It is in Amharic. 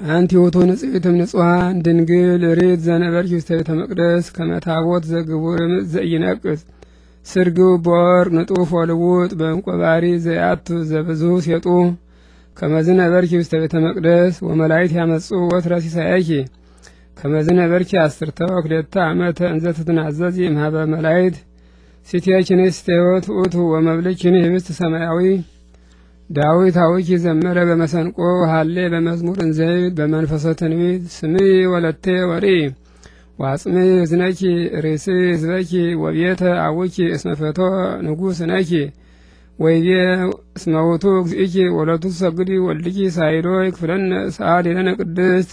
አንቲ አንቲዮቶ ንጽሕትም ንጹሐን ድንግል ሬት ዘነበርኪ ውስተ ቤተ መቅደስ ከመ ታቦት ዘግቡር እምፅ ዘኢነቅጽ ስርግው በወርቅ ንጡፍ ወልውጥ በዕንቆ ባሕሪ ዘያቱ ዘብዙ ሴጡ ከመ ዝነበርኪ ውስተ ቤተ መቅደስ ወመላእክት ያመጹ ወትረ ሲሳየኪ ከመ ዝነበርኪ አስርተ ወክልኤተ ዓመተ እንዘ ትትናዘዚ እምኀበ መላእክት ሲትየኪኒ እስተ ሕይወት ውእቱ ወመብልኪኒ ኅብስት ሰማያዊ ዳዊት አዊኪ ዘመረ በመሰንቆ ሃሌ በመዝሙር እንዘይት በመንፈሰ ትንቢት ስሚ ወለቴ ወሪ ዋጽሚ እዝነኪ ርእሲ ህዝበኪ ወቤተ አዊኪ እስመፈቶ ፈቶ ንጉስ ነኪ ወይቤ እስመ ውእቱ እግዚእኪ ወለቱ ሰግዲ ወልድኪ ሳይዶ ይክፍለነ ሰአሊለነ ቅድስት